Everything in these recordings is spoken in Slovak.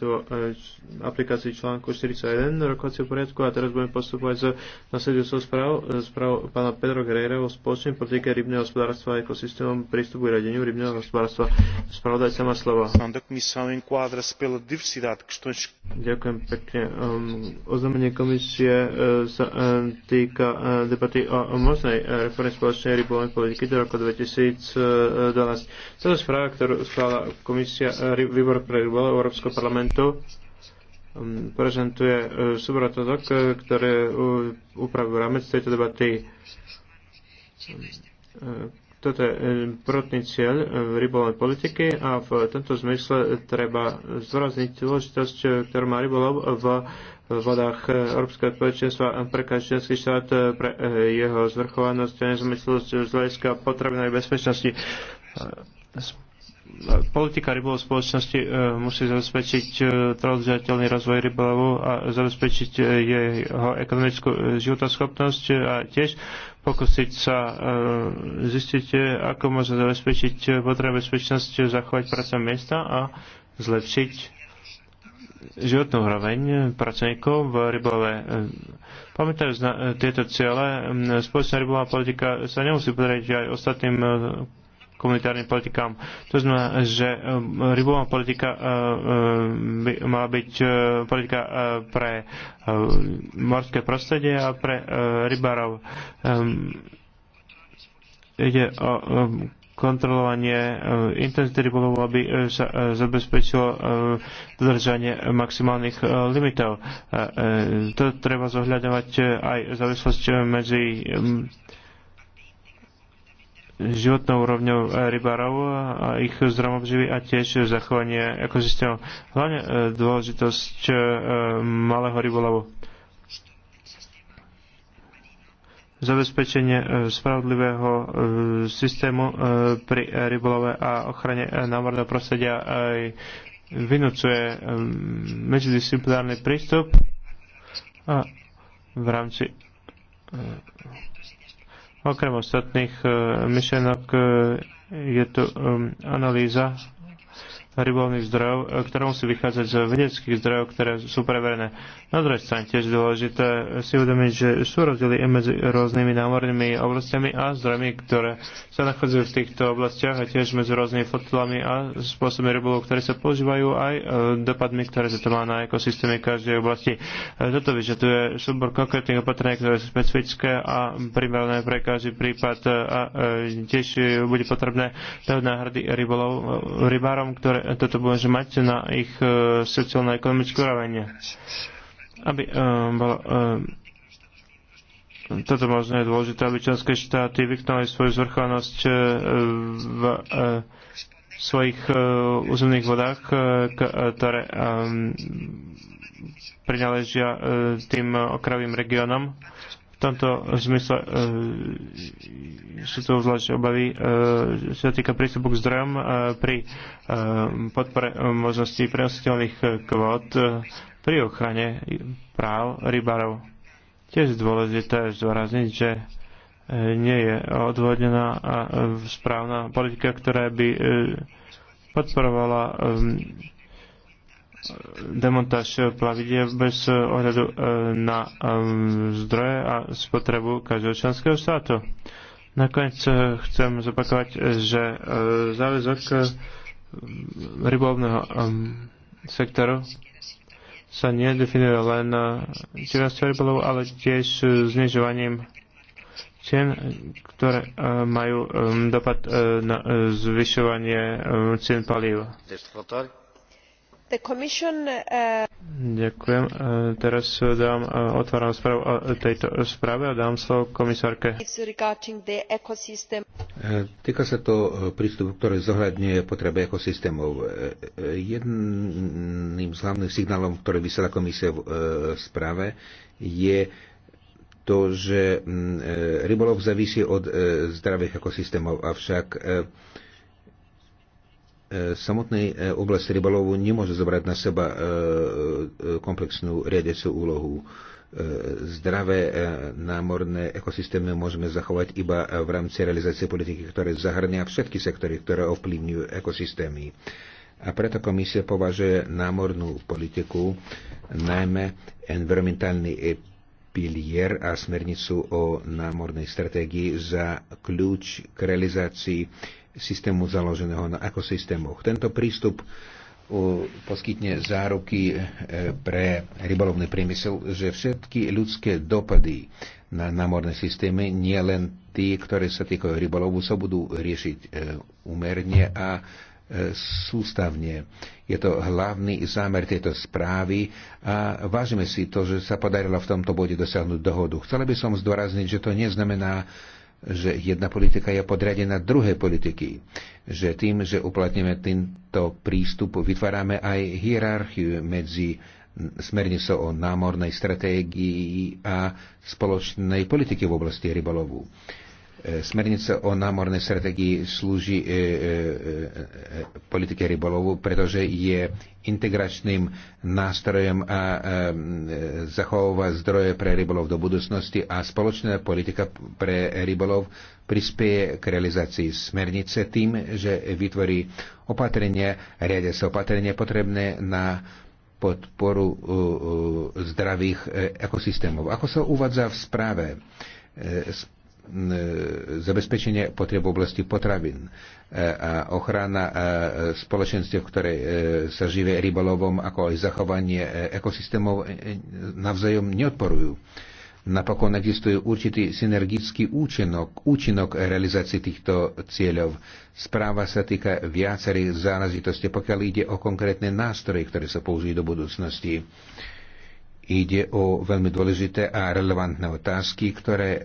do e, aplikácii článku 41 rokovacieho poriadku a teraz budeme postupovať z nasledujúcou správ, e, správ pána Pedro Greira o spoločnej politike rybného hospodárstva a ekosystémom prístupu k radeniu rybného hospodárstva. Spravodajca má slova. Ďakujem pekne. Um, oznámenie komisie e, sa týka debaty o možnej reforme spoločnej rybovej politiky do roku 2012. Toto správa, ktorú schválila komisia, výbor pre rybolov Európskeho parlamentu parlamentu um, prezentuje uh, subratodok, uh, ktorý uh, upravil rámec tejto debaty. Um, toto je um, protný cieľ rybolovnej politiky a v tomto zmysle treba zvrazniť dôležitosť, ktorú má rybolov v vodách Európskeho spoločenstva pre každý členský štát, pre jeho zvrchovanosť a nezmyslosť z hľadiska potravinovej bezpečnosti politika rybovej spoločnosti e, musí zabezpečiť e, trojudržateľný rozvoj rybolovu a zabezpečiť e, jeho ekonomickú životoschopnosť a tiež pokúsiť sa zistiť, ako môže zabezpečiť potrebu bezpečnosť, zachovať pracovné miesta a zlepšiť životnú úroveň pracovníkov v rybove. Pamätajú tieto ciele, spoločná rybová politika sa nemusí podariť aj ostatným komunitárnym politikám. To znamená, že e, rybová politika e, e, by mala byť politika pre morské prostredie a pre rybárov. Ide o kontrolovanie intenzity rybolovu, aby sa zabezpečilo dodržanie maximálnych limitov. To treba zohľadovať aj závislosť medzi životnou úrovňou eh, rybárov a ich zdrom obživy a tiež zachovanie ekosystémov. Hlavne eh, dôležitosť eh, malého rybolovu. zabezpečenie spravodlivého systému pri rybolove a ochrane námorného prostredia aj vynúcuje medzidisciplinárny prístup a v rámci Okrem ostatných eh, myšlenok eh, je tu eh, analýza rybovných zdrojov, e, ktoré musí vychádzať z vedeckých zdrojov, ktoré sú preverené. Na druhej strane tiež dôležité si uvedomiť, že sú rozdiely medzi rôznymi námornými oblastiami a zdrojmi, ktoré sa nachádzajú v týchto oblastiach a tiež medzi rôznymi flotilami a spôsobmi rybolov, ktoré sa používajú aj e, dopadmi, ktoré sa to má na ekosystémy každej oblasti. E, toto vyžaduje súbor konkrétnych opatrení, ktoré sú špecifické a primárne pre každý prípad a tiež bude potrebné náhrady rybolov, rybárom, ktoré toto môže mať na ich e, sociálno ekonomické úroveň. Aby e, bolo e, toto možno je dôležité, aby členské štáty vyknali svoju zvrchovanosť v svojich územných vodách, ktoré prináležia tým okravým regiónom tomto zmysle e, sú to zvlášť obavy, e, čo sa týka prístupu k zdrojom e, pri e, podpore e, možností prenositeľných kvót e, pri ochrane práv rybárov. Tiež dôležité zdôrazniť, že e, nie je odvodnená a e, správna politika, ktorá by e, podporovala demontáž plavidie bez eh, ohľadu eh, na eh, zdroje a spotrebu každého členského štátu. Nakoniec chcem zopakovať, že záväzok rybovného sektoru sa nedefinuje len činnosťou rybolov, ale tiež znižovaním cien, ktoré majú dopad na zvyšovanie cien palív. Uh, Ďakujem. E, teraz dám, e, otváram správu o e, tejto správe a dám slovo komisárke. Týka sa to prístupu, ktorý zohľadňuje potreby ekosystémov. Jedným z hlavných signálov, ktorý vysiela komisia v správe, je to, že mm, rybolov závisí od zdravých ekosystémov, avšak E, samotnej e, oblasti rybolovu nemôže zobrať na seba e, komplexnú riadiacu úlohu. Zdravé námorné ekosystémy môžeme zachovať iba v rámci realizácie politiky, ktoré zahrania všetky sektory, ktoré ovplyvňujú ekosystémy. A preto komisia považuje námornú politiku, najmä environmentálny pilier a smernicu o námornej stratégii za kľúč k realizácii systému založeného na ekosystémoch. Tento prístup poskytne záruky e, pre rybolovný priemysel, že všetky ľudské dopady na námorné systémy, nielen tie, ktoré sa týkajú rybolovu, sa budú riešiť e, umerne a E, sústavne. Je to hlavný zámer tejto správy a vážime si to, že sa podarilo v tomto bode dosiahnuť dohodu. Chcela by som zdôrazniť, že to neznamená, že jedna politika je podriadená druhej politiky. Že tým, že uplatníme tento prístup, vytvárame aj hierarchiu medzi smernicou o námornej stratégii a spoločnej politike v oblasti rybolovu. E, Smernica o námornej strategii slúži e, e, e, e, politike rybolovu, pretože je integračným nástrojem a e, e zachováva zdroje pre rybolov do budúcnosti a spoločná politika pre rybolov prispieje k realizácii smernice tým, že vytvorí opatrenia, riadia sa opatrenia potrebné na podporu zdravých ekosystémov. Ako sa uvádza v správe, E, zabezpečenie potreb v oblasti potravín e, a ochrana e, spoločenstiev, ktoré sa živia rybolovom, ako aj zachovanie ekosystémov navzájom neodporujú. Napokon existuje určitý synergický účinok, účinok realizácie týchto cieľov. Správa sa týka viacerých záležitostí, pokiaľ ide o konkrétne nástroje, ktoré sa použijú do budúcnosti. Ide o veľmi dôležité a relevantné otázky, ktoré,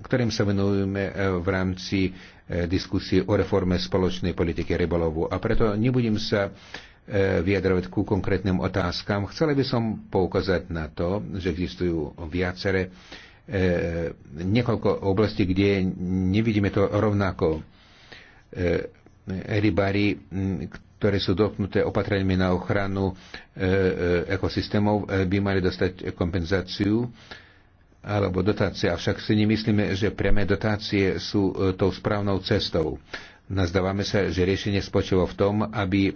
ktorým sa venujeme eh, v rámci eh, diskusie o reforme spoločnej politiky rybolovu. A preto nebudem sa eh, vyjadrovať ku konkrétnym otázkam. Chcel by som poukázať na to, že existujú viacere niekoľko oblastí, kde nevidíme to rovnako rybári, hm, ktoré sú dotknuté opatreniami na ochranu e, e, ekosystémov, e, by mali dostať kompenzáciu alebo dotácie. Avšak si nemyslíme, že priame dotácie sú tou správnou cestou. Nazdávame sa, že riešenie spočíva v tom, aby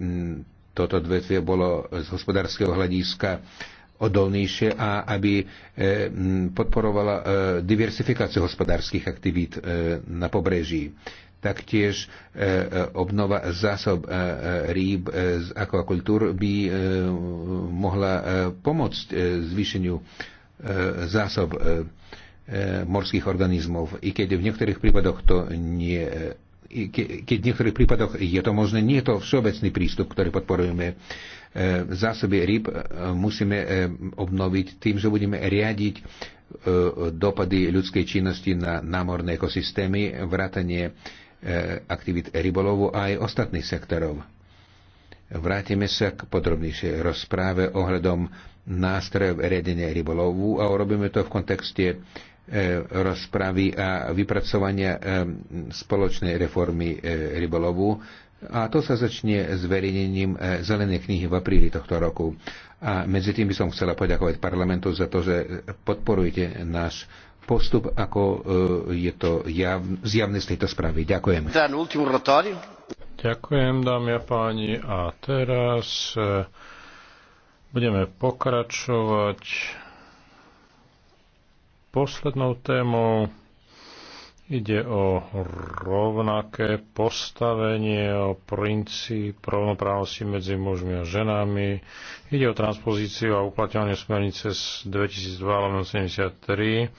toto dvetvie bolo z hospodárskeho hľadiska odolnejšie a aby podporovala diversifikáciu hospodárskych aktivít na pobreží. Taktiež e, e, obnova zásob e, rýb z akvakultúr by mohla pomôcť zvýšeniu zásob morských organizmov. I keď v niektorých prípadoch to nie keď v niektorých prípadoch je to možné, nie je to všeobecný prístup, ktorý podporujeme. Zásoby rýb musíme obnoviť tým, že budeme riadiť dopady ľudskej činnosti na námorné ekosystémy, vrátanie E, aktivít rybolovu a aj ostatných sektorov. Vrátime sa k podrobnejšej rozpráve ohľadom nástrojov riadenia rybolovu a urobíme to v kontexte e, rozpravy a vypracovania e, spoločnej reformy rybolovu. A to sa začne s verejnením zelenej knihy v apríli tohto roku. A medzi tým by som chcela poďakovať parlamentu za to, že podporujete náš postup, ako e, je to zjavné z tejto správy. Ďakujem. Ďakujem, dámy a páni. A teraz e, budeme pokračovať poslednou témou. Ide o rovnaké postavenie, o princíp rovnoprávnosti medzi mužmi a ženami. Ide o transpozíciu a uplatňovanie smernice z 2002-73